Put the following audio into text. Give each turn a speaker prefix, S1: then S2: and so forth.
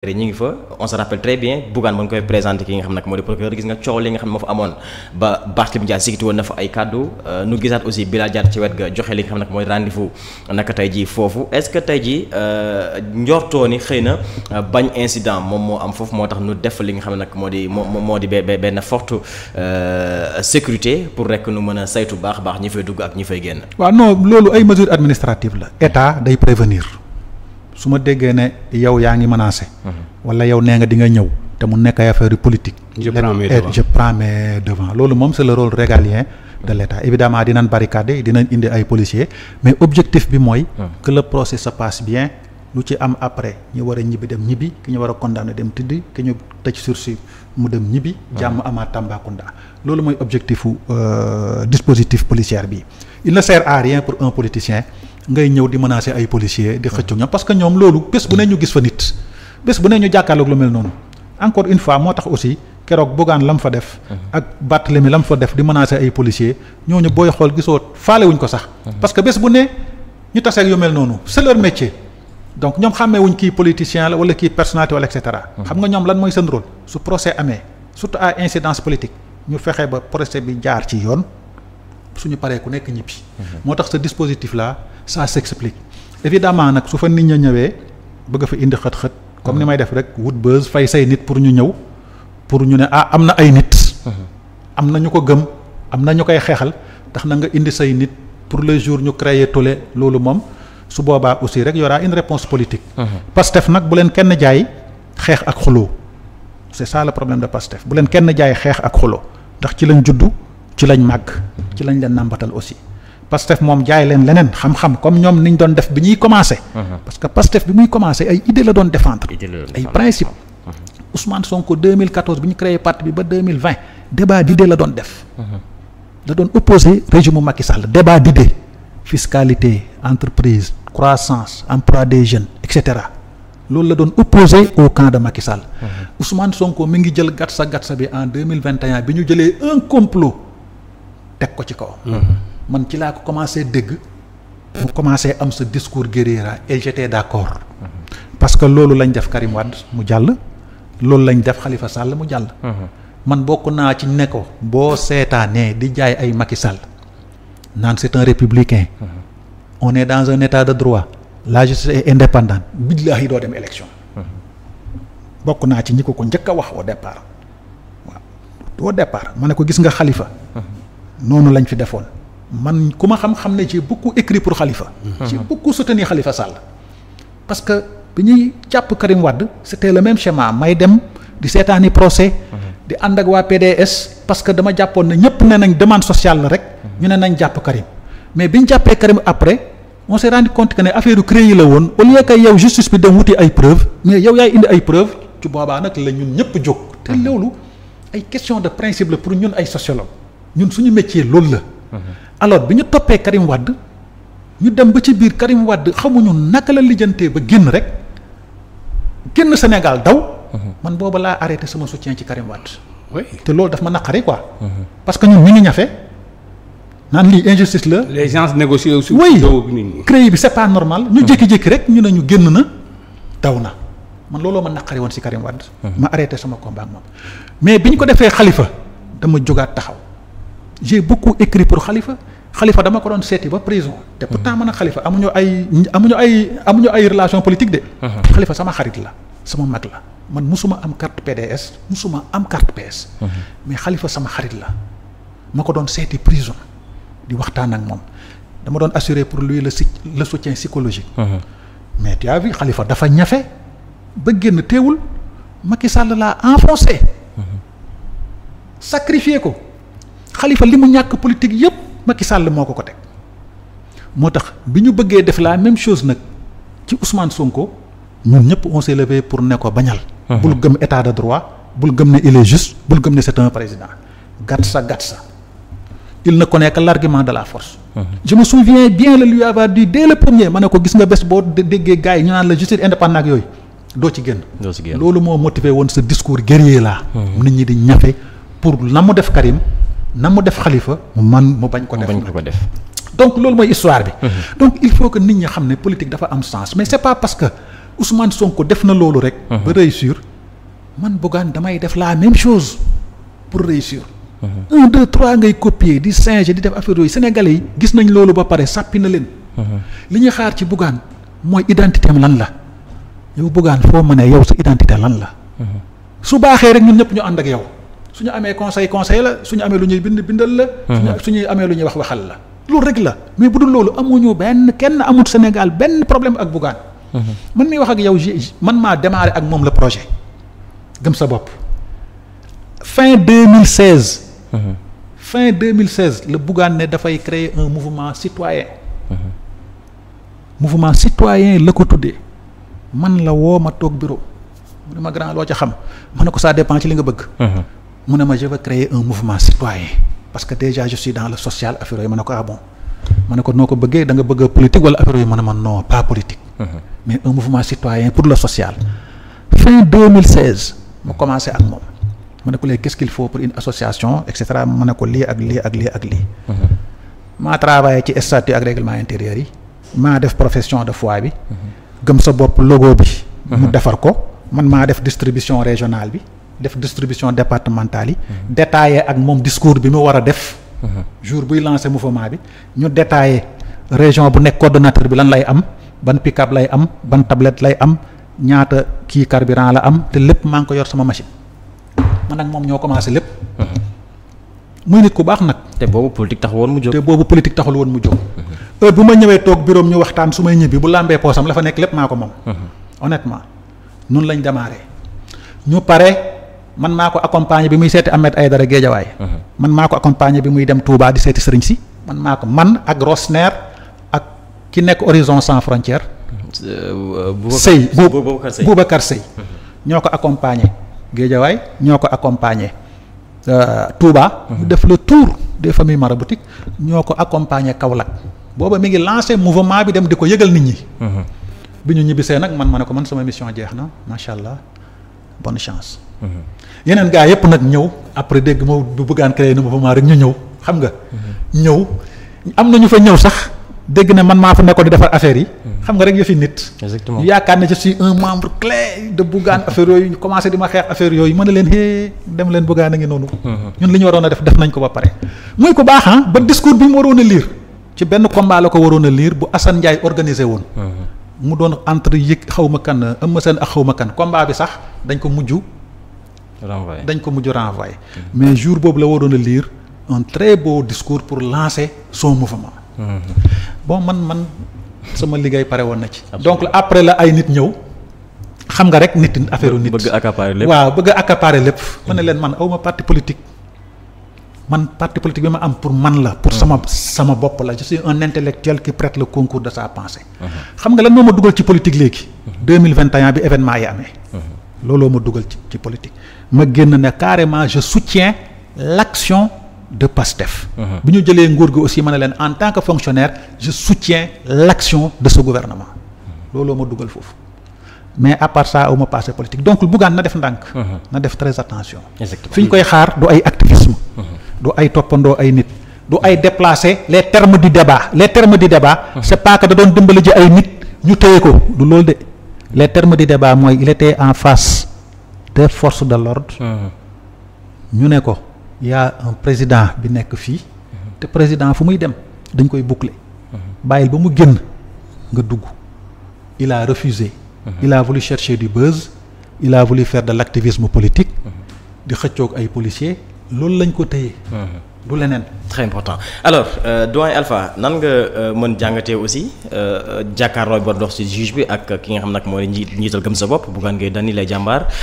S1: ñu ngi fa on se rappelle très bien Bougane ba ñu koy présenté wet ga joxe tey jii foofu est-ce que tey jii euh, njortoo ni xëy na euh, bañ insident moom moo am foofu moo tax nu def li nga xam ne nag moo di moo moo di benn forte euh, sécurité pour rek nu mën a saytu baax baax ñi fay dugg ak ñi fay génn. waaw non loolu ay mesures administratives la état day prévenir. su ma déggee ne yow yaa ngi menacé. wala yow nee nga di nga ñëw te mu nekk ay affaire politique. je prends mes eh, loolu moom c'est le rôle régalien de l'État évidemment dinañ barricader dinañ indi ay policier mais objectif bi mooy. Ah. que le procès se passe bien. lu ci am après ñu war a ñibbi dem ñibbi ki ñu war a condamné dem tëdd ki ñu tëj sursis mu dem ñibbi. Ah. jàmm amaat Tambacounda. loolu mooy objectifu euh, dispositif policière bi. il ne sert à pour un politicien. ngay ñëw di menacer ay policiers di xëccu ñoom parce que ñoom loolu bés bu ne ñu gis fa nit bés bu ne ñu jàkkaarloog lu mel noonu encore une fois moo tax aussi keroog Bougane la mu fa def. ak Barthélémy la mu fa def di menacer ay policiers ñooñu booy xool gisoo faale wuñ ko sax. parce que bés bu ne ñu taseeg yu mel noonu c'est leur métier. donc ñoom xàmmee wuñ kii politicien la wala kii personnalité wala et xam nga ñoom lan mooy seen rôle su procès amee surtout à incidence politique ñu fexe ba procès bi jaar ci yoon. suñu paree ku nekk ñibbi. Mhm. moo tax ce dispositif là ça s'explique évidemment nag su fa nit ña ñëwee bëgg fa indi xët-xët. comme ni mhm. may def rek wut buzz fay say nit pour ñu ñëw pour ñu ne ah am na ay nit. Mhm. am na ñu ko gëm am na ñu koy xeexal tax na nga indi say nit pour le jour ñu créer tole loolu moom su boobaa aussi rek y aura une réponse politique. Pastef nag bu leen kenn jaay xeex ak xuloo c'est ça le problème de Pastef bu leen kenn jaay xeex ak xuloo ndax ci lañ juddu. ci lañ màgg ci lañ leen nàmbatal aussi pastef moom jaay leen leneen xam-xam comme ñoom niñ doon def bi ñuy commencé. Uh-huh. parce que pastef bi muy commencé ay idée la doon défendre. ay principe uh-huh. Ousmane Sonko 2014 bi ñu créé parti bi ba 2020 débat d'idée la doon def. da uh-huh. doon opposé régime mu Macky Sall débat fiscalité entreprise croissance emploi des jeunes et loolu la doon opposé au camp de Macky Sall. Sonko mi ngi jël gatsa gatsa bi teg ko ci kaw. Mhm. man ci laa ko commencé dégg. mu commencé am sa discours guérira et j'étais d'accord mhm. parce que loolu lañ def Karim mu jàll. loolu lañ def xalifa Sall mu jàll. Mhm. man bokk naa ci ne ko boo seetaanee di jaay ay Macky Sall naan c'est républicain. on est dans un état de droit. la indépendant est indépendante. billaahi doo dem élection. bokk naa ci ñi ko ko njëkk a wax au départ waaw au départ ma ko gis nga xalifa noonu lañ fi defoon man ku ma xam-xam ne ci beaucoup écrit pour Khalifa. Mhm. j'ai beaucoup soutenu Khalifa Sall. parce que bi ñuy jàpp Karim Wade c'était le même schéma may dem di seetaani procès. Mhm. di ànd ak waa PDS parce que dama jàppoon na ñëpp ne nañ demande sociale la rek. Mhm. ñu ne nañ jàpp Karim mais bi ñu jàppee Karim après. on s'est rendu compte que ne affaire yu créé la woon au lieu que yow justice bi dem wuti ay preuves mais yow yaay indi ay preuves ci boobaa nag la ñun ñëpp jóg. te loolu ay question de principe pour ñun ay sociologue ñun suñu métier loolu la. alors bi ñu toppee Karim Wade ñu dem ba ci biir Karim Wade xamuñu naka la lijjantee ba génn rek génn Sénégal daw. man booba laa arrêté sama soutien ci Karim Wade. oui te loolu daf ma naqari quoi. parce que ñun ñu ngi ñafe naan lii injustice la. les gens négocient aussi. oui créé bi c'est pas normal. ñu jékki-jékki rek ñu ne ñu génn na daw na man looloo ma naqari woon si Karim Wade. ma arrêté sama combat mais bi ñu ko defee xalifa dama jógaat taxaw. j'ai beaucoup écrit pour Khalifa xalifa dama ko doon seeti ba prison te pourtant man a Khalifa amuñu ay amuñu ay amuñu ay relation politique de. Uh-huh. Khalifa sama xarit la sama mag la man mosuma am carte PDS musuma am carte PS. Uh-huh. mais xalifa sama xarit la ma ko doon seeti prison di waxtaan ak moom dama doon assurer pour lui le le soutien psychologique. Uh-huh. mais tu as vu dafa ñafe ba génn teewul Macky Sall laa enfoncé. sacrifié ko. xalifa li mu ñàkk politique yëpp Macky Sall moo ko ko teg moo tax bi ñu bëggee def la même chose nag ci Ousmane Sonko ñun ñëpp on s'est levé pour ne ko bañal. bul gëm état de droit bul gëm ne il est juste bul gëm ne c'est un président gàtt sa gàtt sa il ne connaît que l'argument de la force. Mmh. je me souviens bien le lui avoir dit dès le premier ne ko gis nga bés boo déggee gars yi ñu naan la justice indépendante ak yooyu doo ci génn. doo ci génn loolu moo motivé woon sa discours guerrier laa. nit ñi di ñafe pour la mu def Karim. na mu def xalifa mu man mu bañ ko def ko def donc loolu mooy histoire bi mhm. donc il faut que nit ñi xam ne politique dafa am sens mais c'est pas parce que Ousmane Sonko def na loolu rek mhm. ba réussir man Bougane damay def la même chose pour réussir mhm. un deux trois ngay copier di singer di def affaire yooyu sénégalais yi gis nañ loolu ba pare sàppi na leen li ñuy xaar ci buggaan mooy identité am lan la yow Bougane foo mënee yow sa identité lan la su baaxee rek ñun ñëpp ñu ànd ak yow suñu amee conseil conseil la suñu amee lu ñuy bind bindal la. suñuy amee lu ñuy wax waxal la. loolu rek la mais bu dul loolu amuñu benn kenn amut Sénégal benn problème ak Bougane. man miy wax ak yow man maa démarré ak moom la projet gëm sa bopp. fin 2016. Mmh. fin 2016 la Bougane ne dafay créer un mouvement citoyen. Mmh. mouvement citoyen la ko tuddee man la woo ma toog bureau mu ne ma grand loo ca xam ma ne ko ça dépend ci li nga bëgg. mu ne ma je veux créer un mouvement citoyen parce que déjà je suis dans le social affaire yooyu man ne ko ah bon ma ne ko noo ko bëggee da nga bëgg politique wala affaire yooyu ma ne ma non pas politique. Mhm. mais un mouvement citoyen pour social. fin 2016 ma commencé ak moom ma ne ko léegi qu'est-ce qu'il faut pour une association et cetera ma ne ko lii ak lii ak lii ak lii. Mhm. maa travaillé ci statut ak règlement intérieur yi. maa def profession de foi bi. Mhm. gëm sa bopp logo bi. mu defar ko man maa def distribution régionale bi. def distribution départementale yi. détaillé ak moom discours bi mu war a def. jour buy lancé mouvement bi ñu détaillé région bu nekk coordonnateur bi lan lay am ban pick lay am ban tablet lay am ñaata kii carburant la am te lépp maa ngi ko yor sama machine man nag moom ñoo commencé lépp. muy nit ku baax nag. te boobu politique taxul woon mu jóg. te boobu politique taxul woon mu jóg. heure bu ma ñëwee toog bureau ñu waxtaan su may ñibbi bu làmbee poosam la fa nekk lépp maa ko moom. honnêtement noonu lañ démarré man maa ko accompagner bi muy seeti Ahmed Aïdara Géejawaay uh-huh. man maa ko accompagner bi muy dem Touba di seeti sëriñ si man maa ko man ak Rosner ak ki nekk Horizon sans frontière uh, Sëy Boubacar Sëy uh-huh. ñoo ko accompagner Géejawaay ñoo ko accompagner euh, Touba ñu uh-huh. def le tour des familles maraboutiques ñoo ko accompagner Kaolack booba mi ngi lancé mouvement bi dem di ko yëgal nit ñi bi ñu ñibbisee nag man ma ne ko man sama mission jeex na macha allah bonne chance yeneen gaa yëpp nag ñëw après dégg moo bu bëggaan créer nu mouvement rek ñu ñëw xam nga. ñëw am na ñu fa ñëw sax dégg na man maa fa nekkoon di defar affaire yi. xam nga rek yëfi nit. exactement ñu yaakaar na si suis un membre clé de Bougane affaire yooyu commencé di ma xeex affaire yooyu mën na leen hee dem leen Bougane a ngi noonu. ñu li ñu waroon a def def nañ ko ba pare. muy ko baax ah ba discours bi mu waroon a lire ci benn combat ko waroon a liir bu Assane Ndiaye organisé mhm. mu doon entre yëg xaw ma kan ëmm seen ak xaw ma kan combat bi sax dañ ko mujj. renvoyé dañ ko mujj renvoyé. mais jour boobu la waroon a lire un très beau discours pour lancer son mouvement. Mhm. bon man man sama liggéey pare woon na ci. donc après la ay nit ñëw. xam nga rek nit affaire nit bëgg accaparer waaw bëgg accaparer lépp. ma ne mhm. leen man awma parti politique. man parti politique bi ma am pour man la. pour sama sama bopp la je suis un intellectuel qui prête le concours de sa pensée. Mhm. xam nga lan moo ma dugal ci politique léegi. deux mille vingt et un bi événement yi amee. looloo ma dugal ci ci politique ma génn ne carrément je soutiens l'action de PASTEF. bu ñu jëlee nguur gi aussi ma ne leen en tant que fonctionnaire je soutiens l'action de ce gouvernement looloo ma dugal foofu mais à part ça awma passé politique donc buggaan na def ndànk. na def très attention. fi ñu koy xaar du ay activisme. du ay toppandoo ay nit. du ay déplacer les termes du débat le termes du débat. c'est pas que da doon dimbali ji ay nit ñu téye ko du loolu les termes du débat mooy en face. te force de l'ordre ñu ne ko y'a président bi nekk fii te président fu muy dem dañ koy boucler bàyyil ba mu génn nga dugg il a refusé il a voulu chercher du buzz il a voulu faire de l'activisme politique di xëccoog ay policiers loolu lañ ko téye du leneen très important alors euh, doyen Alpha nan nga euh, mën jàngatee aussi euh, jàkkaarlooy bor dox ci juge bi ak ki nga xam nag mooy njiital gëm sa bopp Bougane Gueye Dany lay jàmbaar